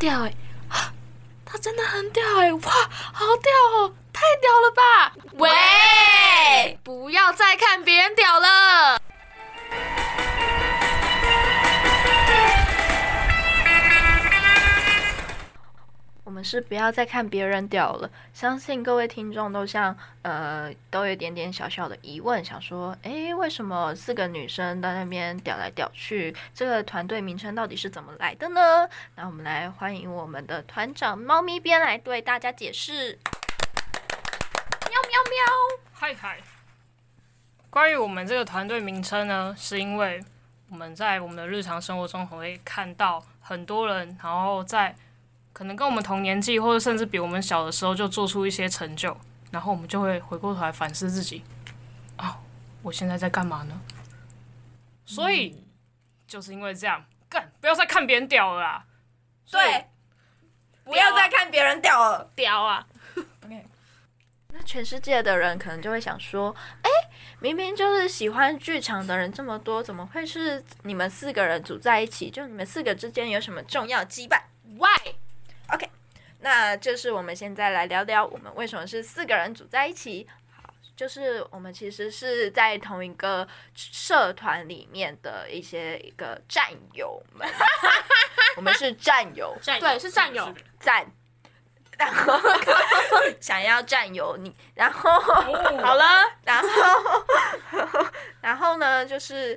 屌欸！啊，他真的很屌欸！哇，好屌哦，太屌了吧！喂，喂，不要再看別人屌了。是不要再看別人屌了。相信各位聽眾都像呃，都有點點小小的疑問，想說，哎、欸，為什麼四個女生在那邊屌來屌去？這個團隊名稱到底是怎麼來的呢？那我們來歡迎我們的團長貓咪邊來對大家解釋。喵喵喵！嗨嗨！關於我們這個團隊名稱呢，是因為我們在我們的日常生活中會看到很多人，然後在。可能跟我們同年紀，或者甚至比我們小的時候就做出一些成就，然後我們就會回過頭來反思自己：啊、哦，我現在在幹嘛呢？所以、嗯、就是因為這樣，幹不要再看別人屌了啦。對，不要再看別人屌了，屌啊 ！OK。那全世界的人可能就會想說：哎、欸，明明就是喜歡劇場的人這麼多，怎麼會是你們四個人組在一起？就你們四個之間有什麼重要羈絆？Why？OK，那就是我們現在來聊聊我們為什麼是四個人組在一起。好，就是我們其實是在同一個社團裡面的一些一個戰友們， 我們是戰友，戰友對，是戰友，是是戰，然後 想要戰友你，然後 好了，然後然後呢，就是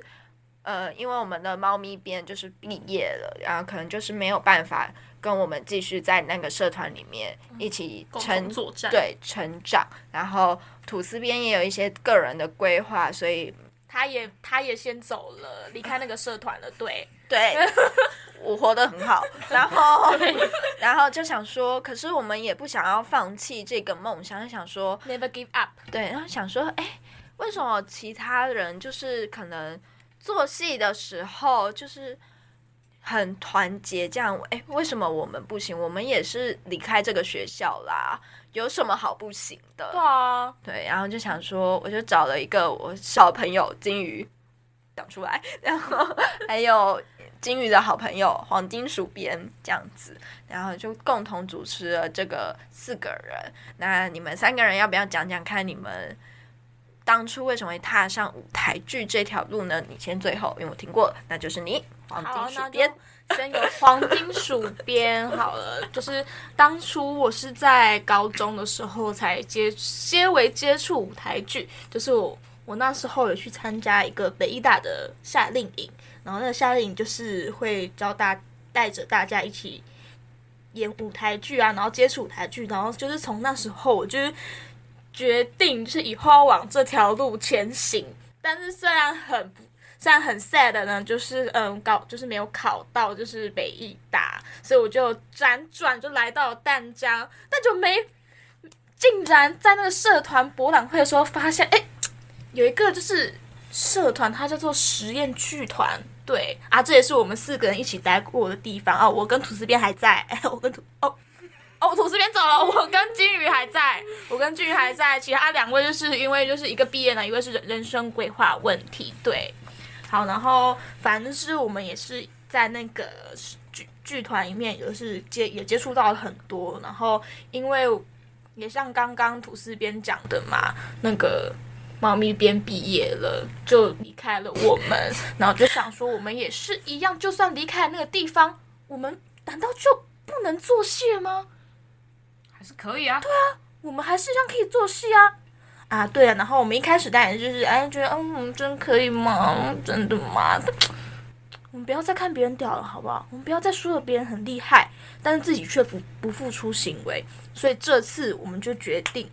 呃，因為我們的貓咪邊就是畢業了，然後可能就是沒有辦法。跟我們繼續在那個社團裡面一起成長，作對成長。然後吐司邊也有一些個人的規劃，所以他也他也先走了，離開那個社團了。對對， 我活得很好。然後 對然後就想說，可是我們也不想要放棄這個夢想，想,想說 never give up。對，然後想說，哎，為什麼其他人就是可能做戲的時候就是。很團結，這樣誒、欸，為什麼我們不行？我們也是離開這個學校啦，有什麼好不行的？對啊，對，然後就想說，我就找了一個我小朋友金魚講出來，然後還有金魚的好朋友黃金鼠邊這樣子，然後就共同主持了這個四個人。那你們三個人要不要講講看你們當初為什麼會踏上舞台劇這條路呢？你先，最後，因為我聽過，那就是你。好，那先由黃金鼠編好了。 就是當初我是在高中的時候才接，些微接觸舞台劇。就是我，我那時候有去參加一個北藝大的夏令營，然後那個夏令營就是會教大帶着大家一起演舞台劇啊，然後接觸舞台劇，然後就是從那時候我就決定就是以後要往這條路前行。但是雖然很。但很 sad 的呢，就是嗯，搞，就是沒有考到，就是北藝大，所以我就輾轉就來到了淡江，但就沒，竟然在那個社團博覽會的時候發現，哎、欸，有一個就是社團，它叫做實驗劇團，對啊，這也是我們四個人一起待過的地方啊、哦，我跟土司邊還在，我跟土哦哦，土司邊走了，我跟金魚還在，我跟金魚還在，其他兩、啊、位就是因為就是一個畢業了，一位是人人生規劃問題，對。好，然後反正是我們也是在那個劇劇團裡面，也是接也接觸到了很多。然後因為也像剛剛吐司邊講的嘛，那個貓咪邊畢業了就離開了我們， 然後就想說我們也是一樣，就算離開了那個地方，我們難道就不能做戲嗎？還是可以啊？對啊，我們還是一樣可以做戲啊。啊，對啊，然後我們一開始代言就是，哎、啊，覺得嗯，啊、真可以嗎？真的嗎？我們不要再看別人屌了，好不好？我們不要再說了，別人很厲害，但是自己卻不不付出行為。所以這次我們就決定，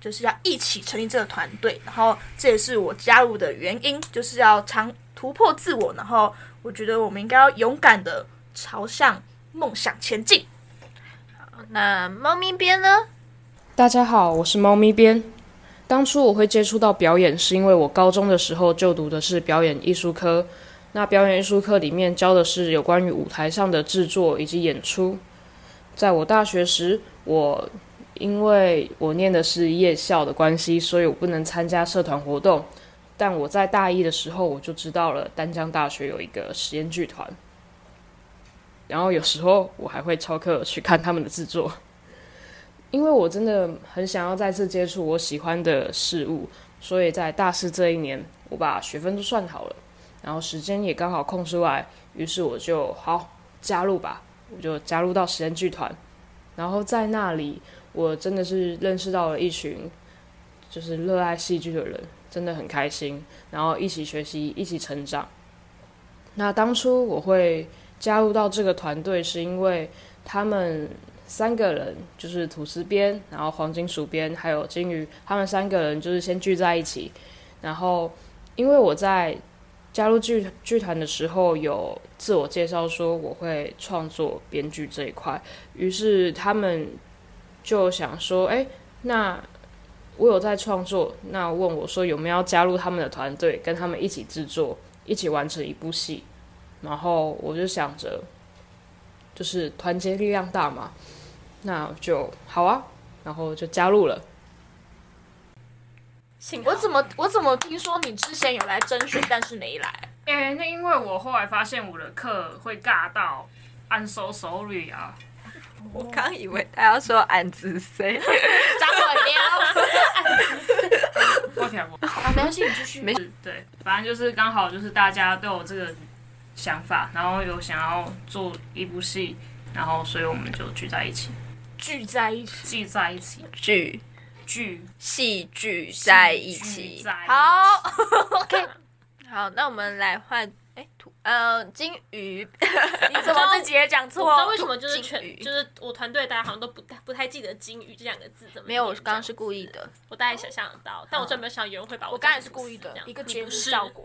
就是要一起成立這個團隊。然後這也是我加入的原因，就是要常突破自我。然後我覺得我們應該要勇敢的朝向夢想前進。好，那貓咪邊呢？大家好，我是貓咪邊。當初我會接觸到表演，是因為我高中的時候就讀的是表演藝術科。那表演藝術科裡面教的是有關於舞台上的制作以及演出。在我大學時，我因為我念的是夜校的關係，所以我不能參加社團活動。但我在大一的時候，我就知道了丹江大學有一個實驗劇團，然後有時候我還會翹課去看他們的制作。因為我真的很想要再次接觸我喜歡的事物，所以在大四這一年，我把學分都算好了，然後時間也剛好空出來，於是我就，好，加入吧，我就加入到實驗劇團。然後在那裡，我真的是認識到了一群就是熱愛戲劇的人，真的很開心。然後一起學習，一起成長。那當初我會加入到這個團隊，是因為他們。三個人就是吐司邊，然後黃金薯邊，還有金魚，他們三個人就是先聚在一起。然後，因為我在加入劇劇團的時候有自我介紹說我會創作編劇這一塊，於是他們就想說：“哎、欸，那我有在創作，那問我說有沒有要加入他們的團隊，跟他們一起製作，一起完成一部戲。”然後我就想着，就是團結力量大嘛。那就好啊，然後就加入了。行好，我怎麼我怎麼聽說你之前有來徵選，但是沒來？哎、欸，那因為我後來發現我的課會尬到，I'm so sorry 啊！我剛以為他要說安子誰？張穩喵！啊，沒關係，你繼續。沒事，對，反正就是剛好就是大家都有這個想法，然後有想要做一部戲，然後所以我們就聚在一起。聚在一起，聚在一起，聚聚，戲劇在一起，聚聚一起好，OK， 嗎好，那我們來換，哎、欸，土，呃，金魚， 你怎麼自己也講錯、哦？我知道為什麼就是全就是我團隊大家好像都不不太記得“金魚”這兩個字？怎麼沒有？我剛剛是故意的，我大概想象得到，但我真沒有想到有人會把我剛才是故意的一個節目效果，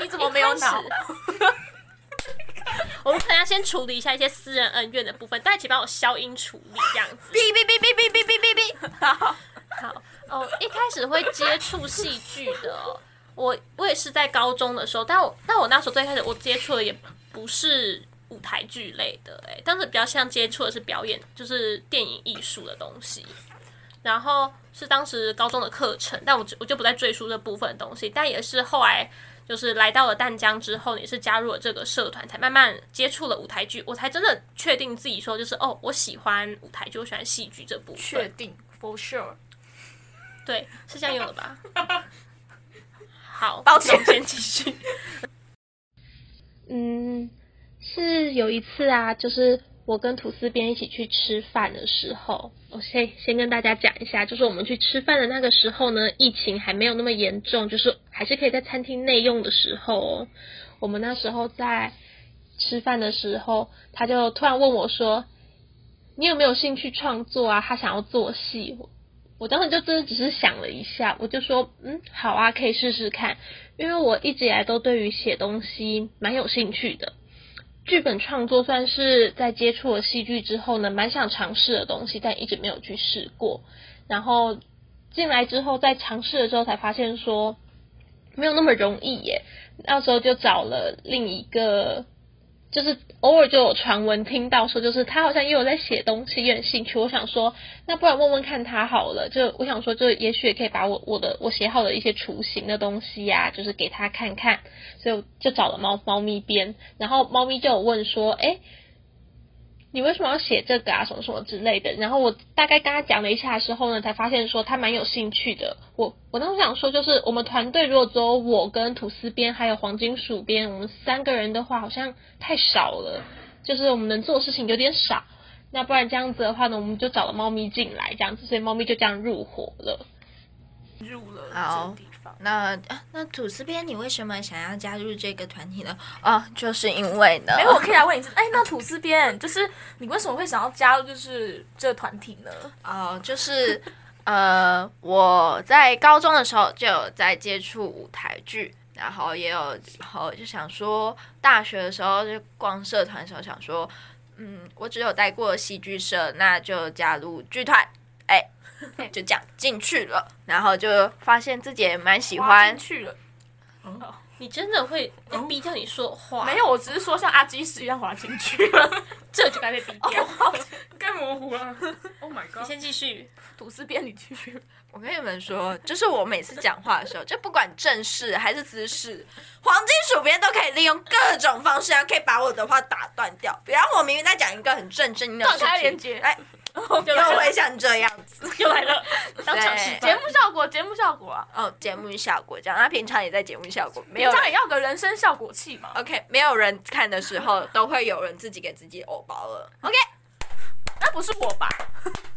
你怎麼沒有腦？欸 我們可能要先處理一下一些私人恩怨的部分，大家一起幫我消音處理這樣子。嗶嗶嗶嗶嗶嗶嗶嗶嗶。好好哦，一開始會接觸戲劇的，我我也是在高中的時候，但我但我那時候最開始我接觸的也不是舞台劇類的，欸，誒，但是比較像接觸的是表演，就是電影藝術的東西。然後是當時高中的課程，但我就我就不再贅述這部分東西，但也是後來。就是來到了淡江之後，你也是加入了這個社團，才慢慢接觸了舞台劇，我才真的確定自己說就是哦，我喜歡舞台劇，我喜歡戲劇這部。確定，for sure。對，是這樣用的吧？ 好，抱歉，那我先繼續。 嗯，是有一次啊，就是。我跟吐司邊一起去吃飯的時候，我先先跟大家講一下，就是我們去吃飯的那個時候呢，疫情還沒有那麼嚴重，就是還是可以在餐廳內用的時候哦。我們那時候在吃飯的時候，他就突然問我說：“你有沒有興趣創作啊？”他想要做戲，我當時就真的只是想了一下，我就說：“嗯，好啊，可以試試看。”因為我一直以來都對於寫東西蠻有興趣的。劇本創作算是在接觸了戲劇之後呢，蠻想嘗試的東西，但一直沒有去試過。然後進來之後，在嘗試的時候才發現說沒有那麼容易耶。那時候就找了另一個。就是偶爾就有傳聞聽到說，就是他好像也有在寫東西，有點興趣。我想說，那不然問問看他好了。就我想說，就也許也可以把我我的我寫好的一些雛形的東西呀，就是給他看看。所以就找了貓貓咪編，然後貓咪就有問說，誒。你為什麼要寫這個啊？什麼什麼之類的。然後我大概跟他講了一下之後呢，才發現說他蠻有興趣的。我我當時想說，就是我們團隊如果只有我跟吐司邊還有黃金鼠邊，我們三個人的話好像太少了，就是我們能做的事情有點少。那不然這樣子的話呢，我們就找了貓咪進來，這樣子，所以貓咪就這樣入夥了，入了。好。那、啊、那吐司邊，你為什麼想要加入這個團體呢？啊，就是因為呢，誒，我可以來問一下，哎、欸，那吐司邊， 就是你為什麼會想要加入就是這團體呢？啊，就是呃，我在高中的時候就有在接觸舞台劇，然後也有，然後就想說，大學的時候就逛社團的時候想說，嗯，我只有待過戲劇社，那就加入劇團。 就講進去了，然後就發現自己也蠻喜歡去了。嗯、你真的會能逼掉？你說話、嗯、沒有？我只是說像阿基師一樣滑進去了， 這就該被逼掉了，該、oh, God. 模糊了、啊。Oh my god！你 先繼續，吐司邊你繼續。 我跟你們說，就是我每次講話的時候，就不管正事還是私事黃金鼠邊都可以利用各種方式、啊，然後可以把我的話打斷掉。然後我明明在講一個很正經的情，斷開 又會像這樣子，又是 來了，想是節目效果，節目效果，哦，節目效果這樣，嗯、他平常也在節目效果，有，平常也要個人生效果器嘛。OK，沒有人看的時候， 都會有人自己給自己偶包了。OK，那 不是我吧？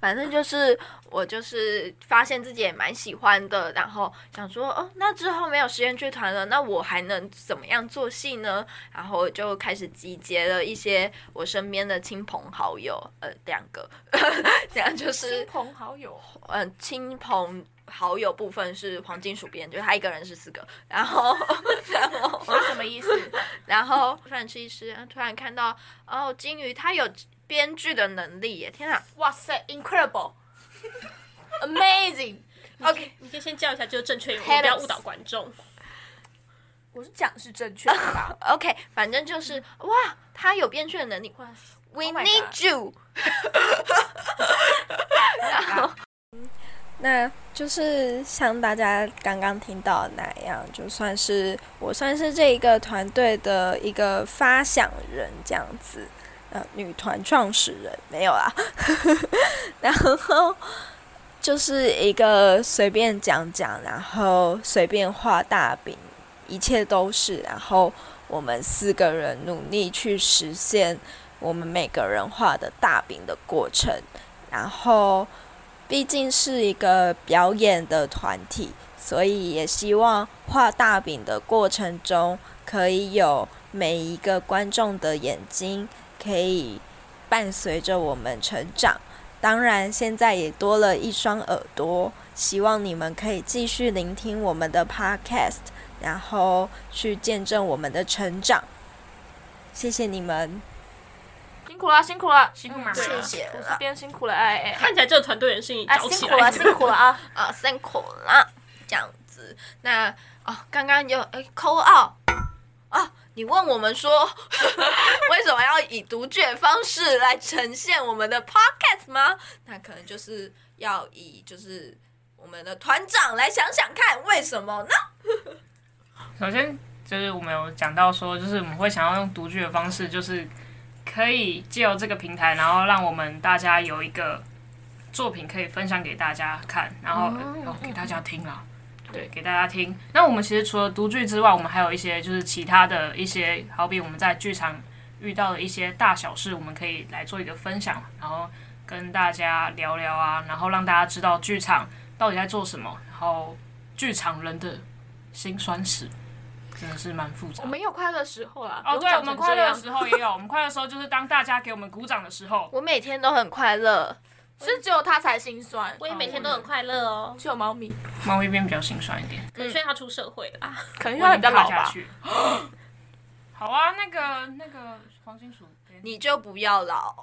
反正就是我就是發現自己也蠻喜歡的，然後想說哦，那之後沒有實驗劇團了，那我還能怎麼樣做戲呢？然後就開始集結了一些我身邊的親朋好友，呃，兩個， 這樣就是親朋好友，嗯，親朋好友部分是黃金薯片，就是他一個人是四個，然後 然後我什麼意思？ 然後， 然後突然吃一吃，突然看到哦，金魚它有。編劇的能力耶！天啊！哇塞，incredible，amazing。Incredible. 你 OK，你可以先叫一下，就是正確用，我不要誤導觀眾。我是講的是正確的吧？OK，反正就是、嗯、哇，他有編劇的能力。We、oh、need you。然後，那就是像大家剛剛聽到的那樣，就算是我算是這一個團隊的一個發想人這樣子。呃，女團創始人沒有啦，呵呵，然後就是一個隨便講講，然後隨便畫大餅，一切都是，然後我們四個人努力去實現我們每個人畫的大餅的過程。然後畢竟是一個表演的團體，所以也希望畫大餅的過程中可以有。每一個觀眾的眼睛可以伴隨着我們成長，當然現在也多了一雙耳朵。希望你們可以繼續聆聽我們的 Podcast，然後去見證我們的成長。謝謝你們，辛苦了，辛苦了，辛苦、嗯、嘛了，謝謝，我這邊辛苦了，哎哎，看起來這個團隊也是哎，哎辛苦了，辛苦了啊啊、哦，辛苦了，這樣子。那哦，剛剛有哎扣二啊。Call out 哦你問我們說，呵呵，為什麼要以讀劇的方式來呈現我們的 podcast 嗎？那可能就是要以就是我們的團長來想想看為什麼呢？首先就是我們有講到說，就是我們會想要用讀劇的方式，就是可以借由這個平台，然後讓我們大家有一個作品可以分享給大家看，然後然後給大家聽啊。對，給大家聽。那我們其實除了讀劇之外，我們還有一些就是其他的一些，好比我們在劇場遇到的一些大小事，我們可以來做一個分享，然後跟大家聊聊啊，然後讓大家知道劇場到底在做什麼，然後劇場人的辛酸史真的是蠻複雜的。我們有快樂時候啊，哦，對，我們快樂的時候也有， 我們快樂時候就是當大家給我們鼓掌的時候。我每天都很快樂。是只有他才心酸，我也每天都很快樂哦。只有貓咪，貓咪邊比較心酸一點。可能因為他出社會了，可能因為比較老吧。好啊，那個那個黃金鼠邊你就不要老。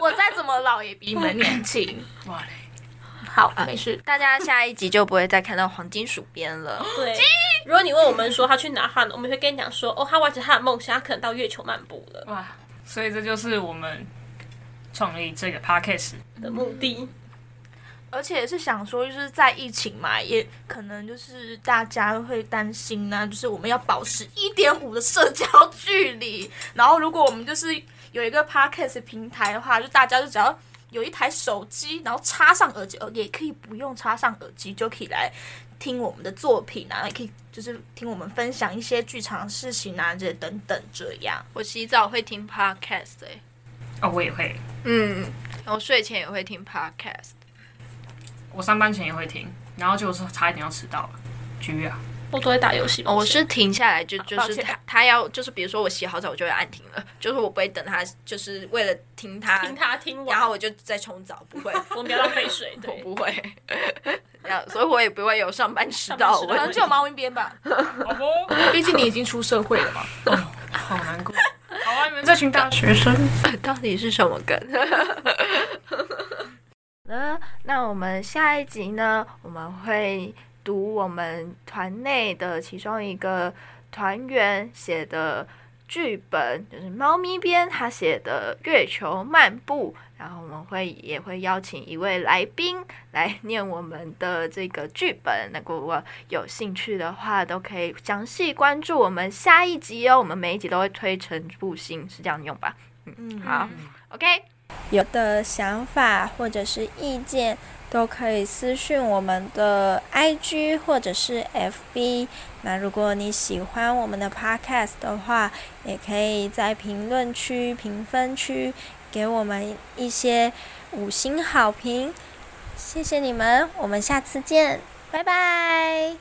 我再怎麼老也比你們年輕。哇嘞，好，沒事。大家下一集就不會再看到黃金鼠邊了。對，如果你問我們說他去哪了，我們會跟你講說，哦，他完成他的夢想，他可能到月球漫步了。哇，所以這就是我們。創立這個 podcast 的目的、嗯，而且是想說，就是在疫情嘛，也可能就是大家會擔心呢、啊，就是我們要保持一點五的社交距離。然後，如果我們就是有一個 podcast 平台的話，就大家就只要有一台手機，然後插上耳機，也可以不用插上耳機就可以來聽我們的作品啊，也可以就是聽我們分享一些劇場的事情啊，這等等這樣。我洗澡會聽 podcast 哎、欸。哦，我也會。嗯，我睡前也會聽 podcast，我上班前也會聽，然後就是差一點要遲到了，就越、啊、我都在打遊戲。我是停下來就就是他，他要就是比如說我洗好澡，我就會按停了，就是我不會等他，就是為了聽他聽他聽，然後我就再沖澡，不會， 我們不要浪費水。我不會，然後 所以我也不會有上班遲到。可能、啊、就有毛病邊吧，好嗎婆？ 畢竟你已經出社會了嘛， 哦、好難過。好啊，你們這群大學生到底是什麼梗？ 那，那我們下一集呢？我們會讀我們團內的其中一個團員寫的。劇本就是貓咪編他寫的《月球漫步》，然後我們會也會邀請一位來賓來念我們的這個劇本。那如果有興趣的話，都可以詳細關注我們下一集哦。我們每一集都會推陳出新，是這樣用吧？嗯，好，嗯，OK。有的想法或者是意見，都可以私訊我們的 IG 或者是 FB。那如果你喜歡我們的 Podcast 的話，也可以在評論區、評分區給我們一些五星好評。謝謝你們，我們下次見，拜拜。